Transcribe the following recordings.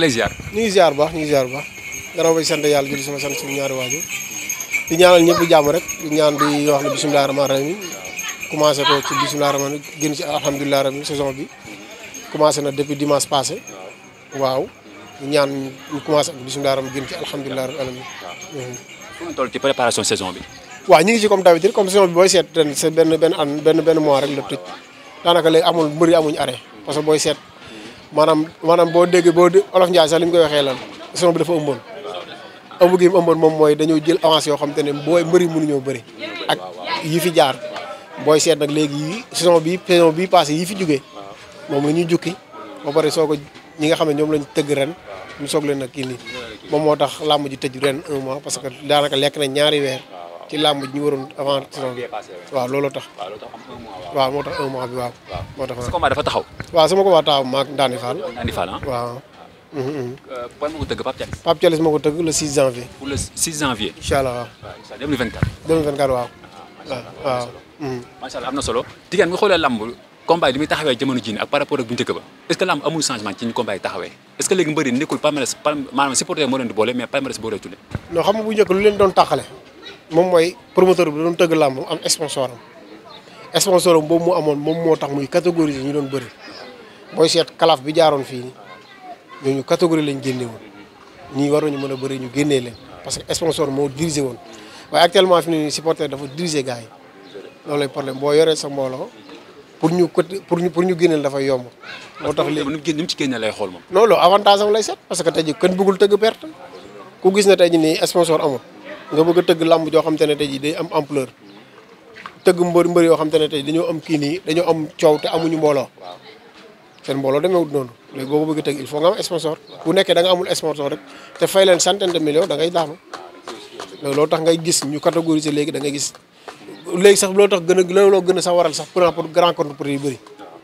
nga lay ziar. ñu ngi ziar bu baax ñu ngi ziar bu baax. gannaaw bay sant yàlla julli sama sant suñu ñaari waajur di ñaanal ñëpp jàmm rek di ñaan di wax ne bisimilah rahmaani rahiim commencé ko saison bi commencé na depuis dimanche passé waaw ñaan ñu commencé ak bisimilah ci alhamdulilah rahiim. fu mu bi. waaw ñu ngi ci comme d'habitude comme saison bi booy seet ren c'est benn benn an benn mois rek la tëj daanaka léegi amul mbëri amuñu arrêt parce booy seet. maanaam maanaam boo dégg boo olof Ndiaye sax li ñu koy waxee lan saison bi dafa ëmboon ëmb gi mu ëmboon moom mooy dañoo jël avance yoo xam te booy mbëri mënuñoo bëri ak yi fi jaar booy seet nag léegi yi saison bi saison bi passé yi fi jógee moom la ñuy jukki ba pare soo ko ñi nga xam ne ñoom lañ tëgg ren ñu soog leen nag kii nii moom moo tax làmb ji tëj ren un mois parce que daanaka lekk na ñaari weer ci làmb ji ñu waroon avant saison bi waaw waaw moo tax un mois bi waaw moo tax sa combat dafa taxaw waaw sama combat ko tëgg Pape Thialis ko tëgg le 6 janvier pour le 6 janvier incha allah waaw 2024 2024 waaw ah, waaw macha mm-hmm. na solo jigéen nga xoolee làmb combat yi muy taxawee jamono jii ak par rapport ak bu njëkk ba est que làmb amul changement ci ñu combat taxawee est que léegi mbëri nekkul palmarès maanaam boole mais palmarès boo xam nga bu njëkk lu leen doon taxale moom mooy promoteur bi doon tëgg làmb am sponsor am sponsor am boobu mu amoon moom moo tax muy catégorie catégoriser ñu doon bëri booy seet kalaaf bi jaaroon fii nii ñooñu catégorie lañ génne woon ñii waroon ñu mën a bëri ñu génnee leen parce que sponsor moo dirigé woon waaye actuellement fi mu ne nii supporter dafa diriger gars yi loolu lay problème yoree sa mbooloo pour ñu côté pour ñu pour ñu génneel dafa yomb. moo tax léegi ni mu ci génne lay xool moom. non loolu avantage am lay set parce que tey jii kenn bëggul tëgg perte ku gis ne tey jii nii sponsor amul. nga bëgg a tëgg làmb joo xam te ne tey jii day am ampleur tëgg mbër mbër yoo xam te ne tey dañoo am kii nii dañoo am coow te amuñu mbooloo seen mbooloo demeewut noonu léegi boo ko bëgg a tëgg il faut nga am sponsor bu nekkee da nga amul sponsor rek te fay leen centaine de millions da ngay daanu loolu tax ngay gis ñu catégoriser léegi da ngay gis léegi sax loolu tax gën a looloo gën a sax waral sax grand grand contre yu bëri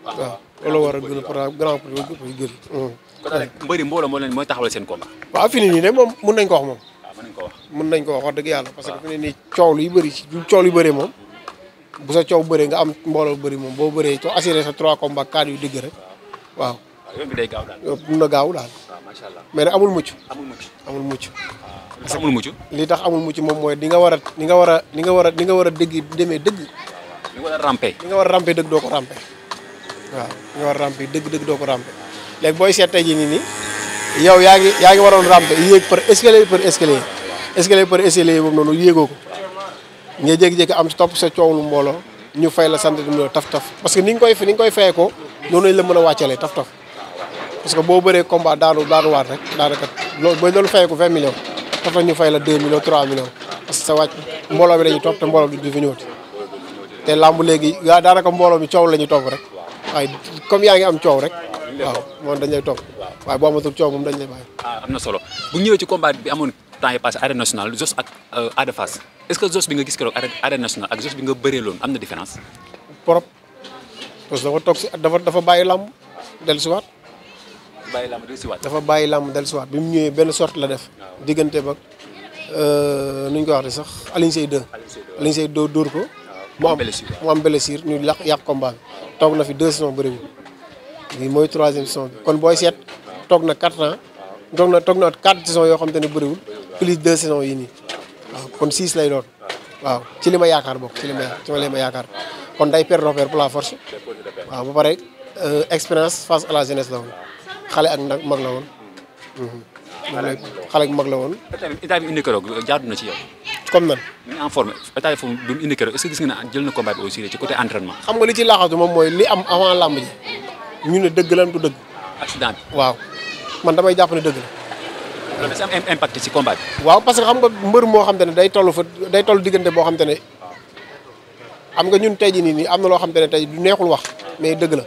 waaw loolu waral gën a grand contre yu bëri. mbëri mbooloo moo leen mooy taxawal seen combat. waaw fini nii de moom mun nañ ko wax moom. mën nañ ko wax wax dëgg yàlla parce que fi ne nii coow lu yu bëri ci coow lu yu bëree moom bu sa coow bëree nga am mbooloo bëri moom boo bëree soo assuré sa trois combats quatre yu dëgg rek waaw yoon bi day gaaw daal mun gaaw daal macha allah mais nag amul mucc amul mucc amul mucc amul li tax amul mucc moom mooy di nga war a nga war a nga war a di nga war a dëgg demee dëgg li nga war a rampe nga war a rampe dëgg doo ko rampe waaw li nga war a dëgg dëgg doo ko rampe léegi booy seet tey nii nii yow yaa ngi yaa ngi waroon rampe yéeg par par escalier escalier par escalier boobu noonu yéegoo ko nga jékki-jékki am topp sa coow lu mbooloo ñu fay la sant mu taf-taf parce que ni nga koy ni nga koy fayee ko noonu lañ la a wàccelee taf-taf parce que boo bëree combat daanu daanu waat rek daanaka loolu ba doon fayee ko 20 millions ñu fay la 2 millions 3 millions parce que sa wàcc bi la ñuy topp te mbooloo bi léegi gaa daanaka mbooloo bi coow la ñuy topp rek waaye comme yaa ngi am coow rek. waaw moom dañ lay waaye boo amatul coow moom dañ lay bàyyi. Ah, am na solo bu ñëwee ci combat bi amoon temps yi passé arène nationale Zoss ak euh, Ada Fass est-ce que Zoss bi nga gis keroog arène nationale ak Zoss bi nga bëree loon am na différence. trop que dafa toog si dafa dafa bàyyi làmb dellusiwaat. bàyyi làmb dellusiwaat. dafa bàyyi làmb dellusiwaat bi mu ñëwee benn sorte la def. diggante ba euh, nu ñu ko waxee sax Alioune Seye 2. Alioune Seye 2 dóor ko. mu am mu am blessure ñu yàq yàq combat bi. toog na fi deux saisons bëriwul. lii mooy troisième saison bi kon booy seet. toog na quatre ans. toog na toog na quatre saisons yoo xam te ne bëriwul. plus de saisons yi nii waaw kon six lay doon waaw ci li ma yaakaar bokk ci li ma ci li ma yaakaar kon day perdre repère la force waaw ba pare euh, expérience face à la jeunesse la woon xale ak nag mag la woon. Mhm. xale ak mag la woon. état bi indi keroog jaadu na ci yow. comme nan. ñu en forme état bi foofu bi mu est-ce gis nga ne jël na combat bi aussi ci côté entraînement. xam nga li ci laaxatu moom mooy li am avant làmb ji ñu ne dëgg lan du dëgg. accident waaw man damay jàpp dëgg loolu dafa impact ci combat bi. waaw parce que xam nga mbër moo xam te ne day toll fa day tollu diggante boo xam te ne am nga ñun tey jii nii nii am na loo xam te ne tey du neexul wax mais dëgg la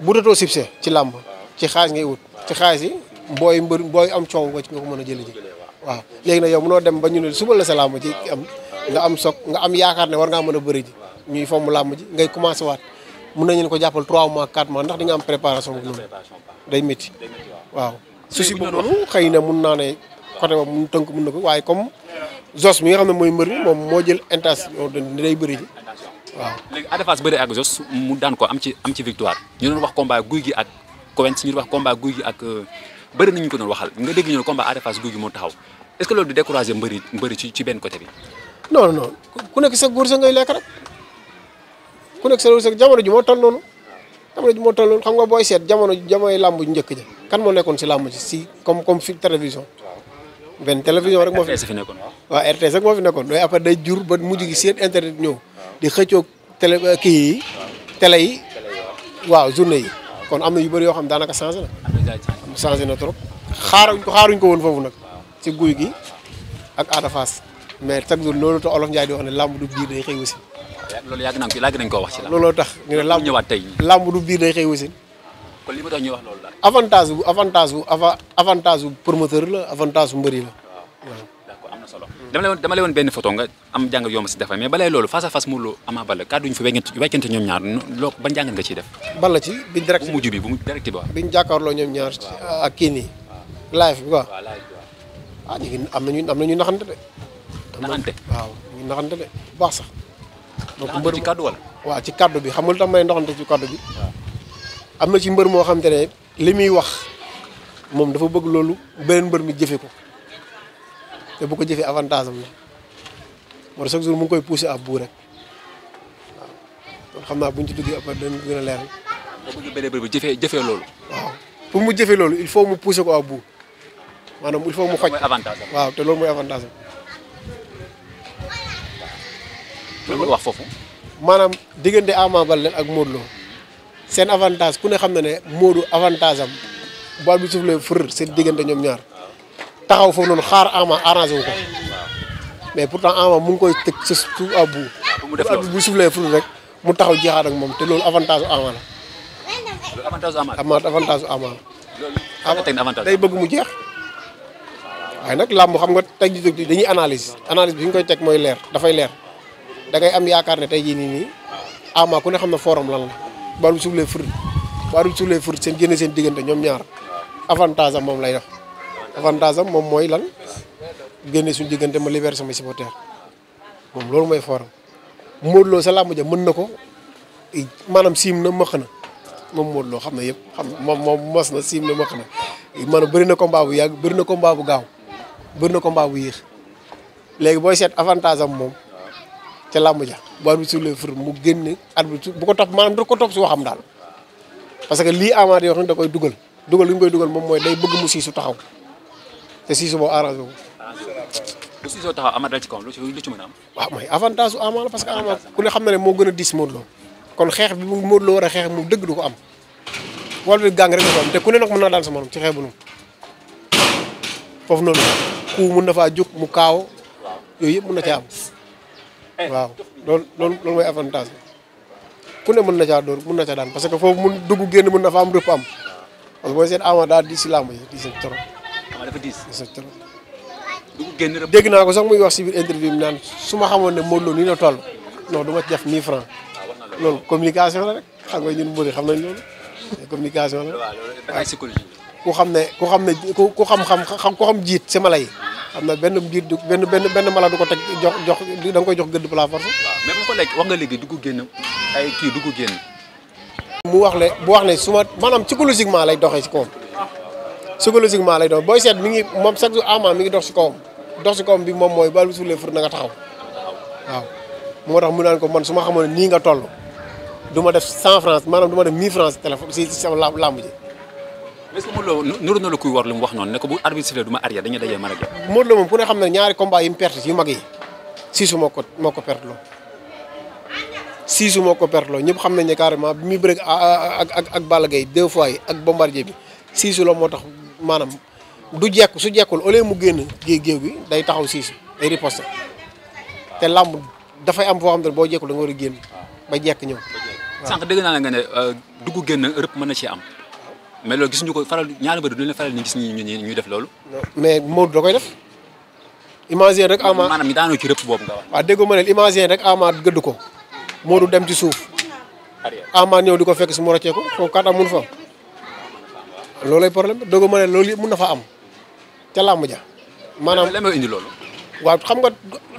bu dootoo succès ci làmb ci xaalis ngay wut ci xaalis yi booy mbër booy am coow nga ci nga ko mën a jëlee ji waaw léegi nag yow mënoo dem ba ñu ne suba la sa làmb ci am nga am soog nga am yaakaar ne war ngaa mën a bëri ji ñuy fomm làmb ji ngay commencé waat mën nañu ko jàppal 3 mois 4 mois ndax di am préparation bu noonu day métti waaw. souci boobu noonu xëy na mun naa ne côté boobu mun tënk mun na ko waaye comme Zoss mi nga xam ne mooy mbër mi moom moo jël intention day bëri ji waaw. léegi Ada bëri ak Zoss mu daan ko am ci ci victoire ñu doon wax combat guy gi ak Covent ñu doon wax combat guy ak euh, bëri nañu ko doon waxal nga dégg ñu ne combat Ada Fass taxaw est-ce que loolu du décourager mbëri mbëri ci ci benn côté bi. non non ku nekk sa góor sa ngay lekk rek ku nekk sa góor sa ji moo toll noonu. jamono ji moo tolloon xam nga booy seet jamono jamonoy làmb jëkk njëkk ja kan moo nekkoon si làmb ji si comme comme fi télévision benn télévision rek moo fi nekkoon waaw RTS rek moo fi nekkoon doy après day jur ba mujj gi seen internet ñëw di xëccoo télé kii yi télé yi waaw journée yi kon am na yu bëri yoo xam daanaka changé na changé na trop xaaruñ ko xaaruñ ko woon foofu nag si guy gi ak Ada Fass mais chaque jour loolu te Olof Ndiaye di wax ne làmb du biir day xëy si loolu yàgg nañ ko yàgg nañ koo wax ci la looloo tax ñu ne làmb ñëwaat tey làmb du biir day xëy wasin kon wax loolu la avantage bu avantage bu avantage bu promoteur la avantage bu mbëri la waaw d'accord am na solo dama lay woon woon benn photo nga am jàngat yoom si defal mais balay loolu face a face Modou Lô Ama Baldé kàddu ñu fa weccante ñoom ñaar loo ban jàngat nga ciy def bala ci biñ direct bu mujj bi bu mu direct bi biñ jàkkaarloo ñoom ñaar ak kii nii live bi quoi ah ñu ngi am nañu am nañu naxante de naxante waaw ñu naxante de bu sax donc ah, mbër ci kaddu wala. waaw ci kaddu bi xamul tax may ndoxante ci kaddu bi. am na ci mbër moo xam te ne li muy wax moom dafa bëgg loolu beneen mbër mi jëfe ko te bu ko jëfee avantage am la mooy chaque mu ngi koy poussé à bout rek waaw kon xam naa bu ci duggee a leeral. boo bëgg beneen jëfee jëfee loolu. waaw mu jëfee loolu il faut mu poussé ko à bout maanaam il faut mu xoj. avantage waaw te loolu mooy avantage am. lu wax foofu. maanaam diggante Ama Baldé ak Modou Lo seen avantage ku ne xam ne ne Modou avantage am bool bi suuf lay fër seen diggante ñoom ñaar taxaw foofu noonu xaar Ama arrangé wu ko mais pourtant Ama mu ngi koy teg sa mu def loolu bu suuf rek mu taxaw jeexaat ak moom te loolu avantage su Ama la. loolu avantage day bëgg mu jeex. waaye nag làmb xam nga tey jii dañuy analyse analyse bi fi koy teg mooy leer dafay leer. da ngay am yaakaar ne tey jii nii nii ama ku ne xam na forum lan la bu arbitre bi soufflee fur seen génne seen diggante ñoom ñaar avantage am moom lay def avantage am moom mooy lan génne suñ diggante ma libéré sama supporter moom loolu mooy forum Modou Lo sa làmb mën na ko maanaam siim na mëq na moom Modou Lo xam ne yëpp moom mos na siim na mëq na maanaam bëri ko combat bu yàgg bëri na combat bu gaaw bëri na combat bu yéex léegi booy seet avantage moom ca làmb ja bu arbitre sifflé fur mu bu ko topp maanaam du ko topp si waxam daal parce que lii amaat yoo xam ne da koy dugal dugal li ñu koy dugal moom mooy day bëgg mu siisu taxaw te siisu boo arrangé wu. bu siisoo taxaw amaat dal ci kawam lu ci lu ci mën am. waaw mooy avantage su parce que ku ne na ne moo gën a diis Modou Lo kon xeex bi mu Modou Lo a mu dëgg du ko am wala bi gàng rek du ko am te ku ne nag mën naa daan sa morom ci xeex bu nu foofu noonu ku mun na faa jóg mu kaaw yooyu yëpp mun na caa am. Eh. waaw loolu loolu loolu mooy avantage bi ku ne mun na caa dóor mën na caa daan parce que foofu mun dugg génn mun na am rëpp am parce que booy seet Ama daal di si làmb yi di sa trop. Ama dafa diis di sa dégg naa ko sax muy wax si biir interview bi naan su ma xamoon ne Modou Lo nii la toll non du ma ci def ah, loolu communication la rek xam nga ñun mbëri xam nañ loolu communication la. waaw loolu ku xam ne ku xam ne ku xam xam ku xam jiit sama lay am na benn mbir benn benn benn mala du ko teg jox jox da koy jox gëdd par la force. waaw mais bu ko lekk wax nga léegi génn ay kii dugg génn. mu wax ne bu wax ne su ma maanaam psychologiquement lay doxee si kawam psychologiquement lay dox booy seet mi ngi moom chaque jour ama mi ngi dox si kawam dox si kawam bi moom mooy bal bu suulee fur na nga taxaw waaw. moo tax mu naan ko man su ma xamoon nii nga toll du ma def cent francs maanaam du ma def mille francs téléphone si si sama làmb ji. est ce que Modou Lo nuru na la kuy war lu mu wax noonu ne ko bu arbitre sifflé du ma arrière dañuy dajee man ak yow. Modou Lo moom ku ne xam ne ñaari combat mu perte moo ko moo ko ñëpp xam nañ ne carrément bi muy bëre ak ak ak yi ak Bombardier bi siisu la moo tax maanaam du jekk su jekkul au lieu mu génn géew géew bi day taxaw siisu day riposte te làmb dafay am foo xam ne boo jekkul da nga war a génn ba jekk ñëw. sànq dégg naa nga ne euh, dugg génn rëpp mën na ci am. mais loolu gis ñu ko faral ñaari mbër duñ la faral ni gis ñi ñu ñuy def loolu. mais Modou da koy def. imagine rek Ama maanaam ci rëpp boobu nga wax. waaw déggoo ma ne imagine rek Ama gëdd ko Modou dem ci suuf. Ama ñëw du ko fekk su mu ràccee ko foofu kat amun fa am. loolay problème déggoo ma ne loolu yëpp mun na fa am ca làmb ja. maanaam lan indi loolu. waaw xam nga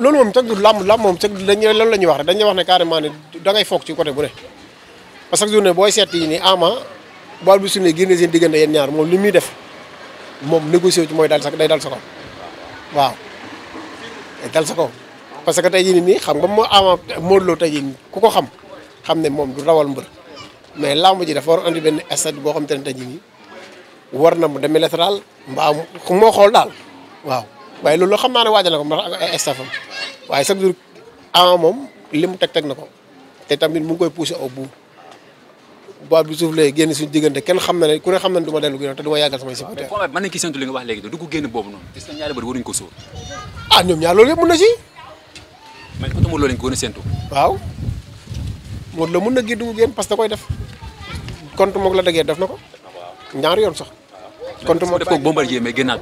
loolu moom chaque jour làmb làmb moom chaque jour dañu loolu la ñuy wax rek dañuy wax ne carrément ne da ngay foog ci côté bu ne parce que jour ne booy seet yi ni Ama. bool bu suñu génne seen diggante yéen ñaar moom li muy def moom négocié wu mooy dal sa day daal sa kaw waaw day dal sa kaw parce que tey jii nii xam nga moo Ama tey ku ko xam xam ne moom du rawal mbër mais làmb ji dafa war andi benn stade boo xam te ne tey jii nii war na mu demee mbaa moo xool daal waaw waaye loolu xam naa ne waajal na ko ndax ay staff am waaye chaque jour Ama moom li mu teg teg na ko te tamit mu koy poussé au bout. baat bu suuf lay génn suñu diggante kenn xam na ne ku ne xam na ne du ma dellu ginnaaw te du ma yàggal samay si mais ah, côté Lo lañ ko gën a waaw Modou Lo mën na génn du génn parce que koy def compte moog la dagee def na ko ñaari yoon sax compte moog def ko Bombardier mais génnaat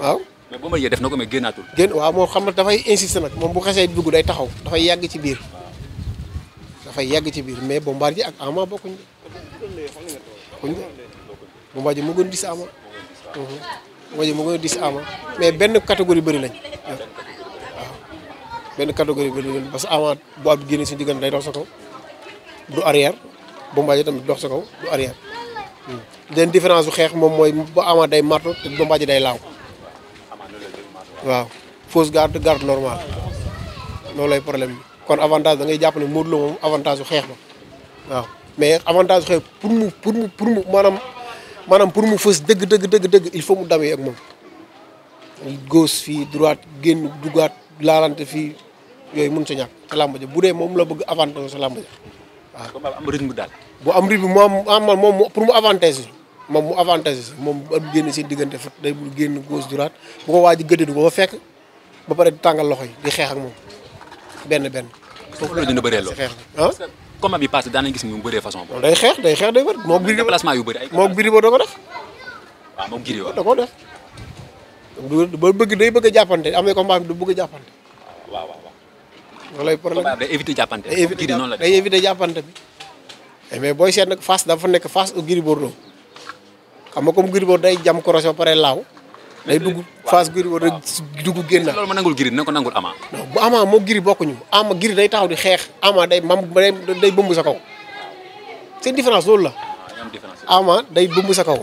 waaw mais Bombardier def na ko mais génnaatul génn waaw moom xam na dafay insister nag moom bu xesee dugg day taxaw dafay yàgg ci biir dafay yàgg ci biir mais ji ak Ama bokkuñ Bomba ji moo gën a dis gën a ama mais benn catégorie bëri lañ benn catégorie bëri lañ parce que ama bu ab génne si diggante day dox sa kaw du arrière Bomba ji tamit dox sa kaw du arrière. den hmm. différence bu xeex moom mooy ba ama day marto te Bomba ji day laaw waaw fausse garde garde normale loolu lay problème bi kon avantage da ngay jàpp ne Modou Lo moom avantage bu xeex ba waaw. mais avantage xëy pour mu pour mu pour mu maanaam maanaam pour mu fës dëgg dëgg dëgg il faut mu damee ak moom. gauche fii droite génn dugaat laalante fii yooyu mun sa ñàkk sa làmb ja bu dee moom la bëgg avantage sa làmb ja waaw. comme am rythme daal. bu am rythme mu am ah, man moom pour mu avantage moom mu avantage si moom génn seen diggante fa day bu génn gauche droite bu ko waaj a gëdd du ko fa fekk ba pare di tàngal loxo yi di xeex ak moom benn benn. foofu la dina bëree lool xeex ah. ma bi passé daan nañ gis nga mu bëree façon boobu. day xeex day xeex day wër moog Gris déplacement yu bëri ay. moog Gris boo da ko def. waaw moog Gris da ko def. du ba bëgg day bëgg a jàppante am na combat du bëgg a jàppante. day éviter jàppante. bi. Eh, mais booy seet nag face dafa nekk face au Gris Bordeaux xam nga comme Gris day jam cross ba pare laaw day dugg. Fass Gris war a dugg génn. loolu ma nangul Gris na ko nangul Ama. non bu Ama moo Gris bokkuñu Ama Gris day taxaw di xeex Ama day mam day day bëmb sa kaw seen différence loolu la. Ama day bëmb sa kaw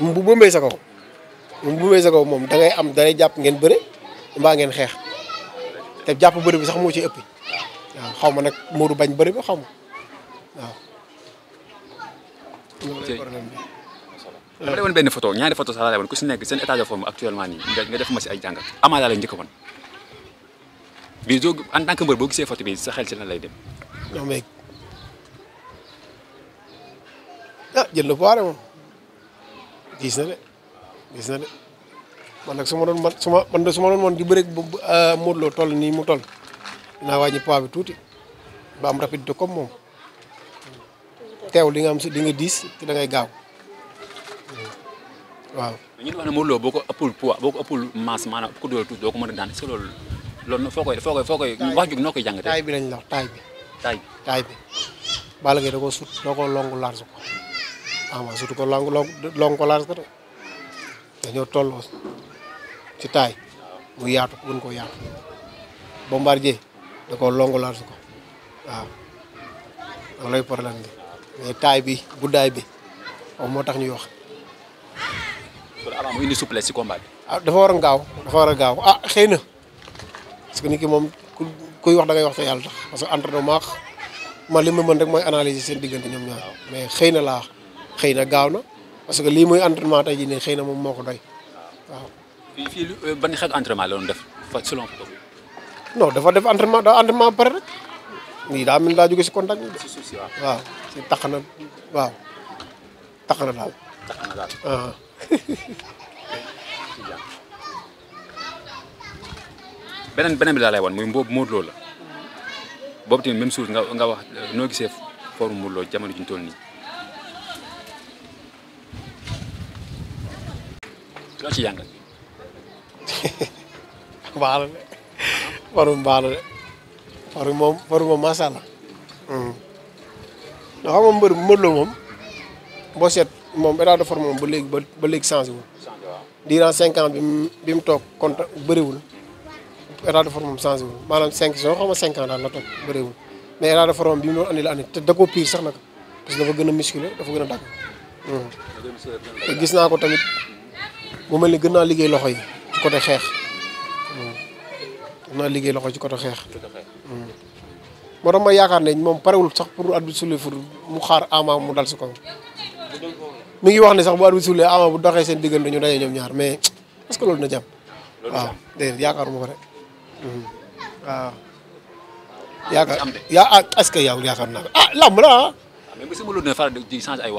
bu bëmbee sa kaw bu bëmbee sa moom da am da jàpp ngeen bëre mbaa ngeen xeex te jàpp bëre bi sax moo ci ëpp xaw ma nag Modou bañ bëre bi xaw ma waaw. dama lay woon benn photo ñaari photo sax laa lay woon ku si nekk seen état de forme actuellement nii nga def ma si ay jàngat Ama a woon bii doo en tant que mbër boo gisee photo ah, na poids moom gis na de gis na de man nag su ma doon man ma man de su ma doon man di bëre ba ah, Modou nii mu toll naa wàññi poids bi tuuti ba am rapidité comme moom teew li nga am si di diis te da ngay gaaw. waaw mais ñu wax ne Modou Lo boo ko ëppul poids boo ko ku doole tuuti mën a daan est-ce loolu loolu foo koy foo koy foo koy wax jug noo koy jàngatee. taay bi lañ la taay bi. taay bi taay bi. da koo sut doo ko longu large ko ah waaw ko longu longu ko large ko de dañoo tolloo ci taay mu yaatu gën koo yaatu bombardier da koo longu large ko waaw loolooy problème bi mais taay bi guddaay bi moom moo tax ñuy wax. pour avant mu indi souplesse ci combat bi. ah dafa war a ngaaw dafa war a gaaw ah xëy na parce que nit ki moom ku kuy wax da ngay wax te yàlla tax parce que entraînement man li ma mën rek mooy analyser seen diggante ñoom ñaar mais xëy na laa xëy na gaaw na parce que lii mooy entraînement tey jii ne xëy na moom moo ko doy waaw. fii fii euh, ban xeetu entraînement la doon def selon non dafa def entraînement daa entraînement pare rek nii daa mel daa jóge si contact bi. si waaw waaw na waaw tax na na daal. Ah. beneen beneen bi laa lay wan muy boobu Modou la boobu tamit même chose nga nga wax noo gisee jamono ji ñu toll nii. loo ci jàngal. de forme baax na de forme moom forme moom macha allah. ndax xam nga moom état de forme moom ba léegi ba léegi changé wul. durant cinq ans bi mu bi mu toog compte bëriwul état de forme moom changé wul maanaam cinq soo xaw cinq ans daal la toog bëriwul mais état de bi mu doon andi la andi te da koo sax nag parce dafa gën a musculé dafa gën a dagg. Hmm. gis naa ko tamit mu ma ni gën naa liggéey loxo yi ci côté xeex. Hmm. naa liggéey loxo ci côté xeex. Hmm. moo tax ma yaakaar ne moom parewul sax pour at bi sulle fur mu xaar ama mu dal si kaw. mi ngi wax ne sax bu arbitre suulee ama bu doxee seen diggante ñu daje ñoom ñaar mais est-ce que loolu dina jàmm. waaw déedéet yaakaaruma ko hmm. rek yaa ah est que yow yaakaar naa ko ah la Lo dina faral di changer ay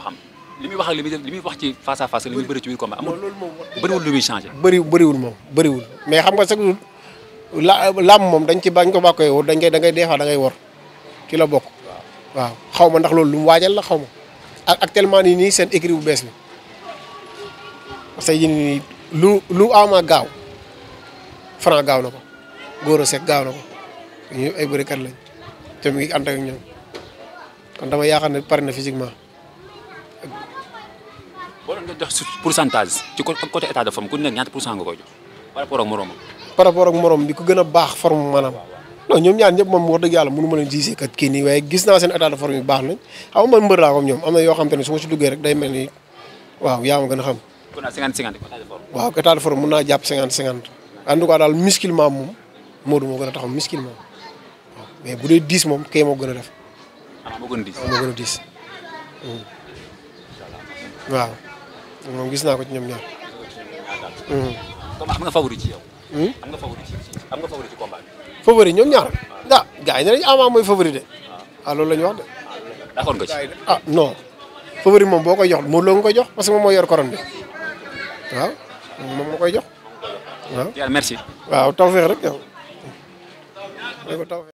li muy wax li muy def li muy wax ci face à face li muy bëri ci biir combat bëriwul moom bëriwul mais xam nga sax la lamb moom dañ ci bañ ko bàkkee wor dañ koy da ngay des da ngay wor ci la bokk. waaw xaw ma ndax loolu lu mu waajal la xaw ma. ak actuellement nii nii seen écrit bu bees bi parce que yéen nii lu lu ama gaaw Franc gaaw na ko Gora Seck gaaw na ko ñu ay bërikat lañ te mu ngi ànd dama yaakaar ne pare na physiquement. boo doon jox pourcentage ci côté état de forme ku ne ñaata pour cent nga ko jox par rapport ak moroomam. par rapport ak moroom bi ku gën a baax forme maanaam. non ñoom ñaar ñëpp moom wax dëgg yàlla mënu ma leen gisee kat kii waaye gis naa seen état de forme yu baax nañ xaw ma mbër laa comme ñoom am xam ne su ma si duggee rek day mel waaw yaa a xam. kon à 50 50 état de forme. waaw état de forme mën naa jàpp 50 50 en tout cas daal moom gën a taxaw musclement waaw mais bu dee 10 moom kay moo gën a def. ah a 10 waaw moo hmm. gis naa ko ci ñoom ñaar. comme hmm. ci yow. Hmm? am nga favori ci am favori ñoom ñaar a ah, gars yi ne nañ Ama mooy favori de ah loolu la ñu wax de. d'accord nga ci ah non favori moom boo koy jox Modou Lo nga koy jox parce que moom moo yor couronne bi waaw moom moo koy jox waaw. yàlla merci. waaw tawfeex rek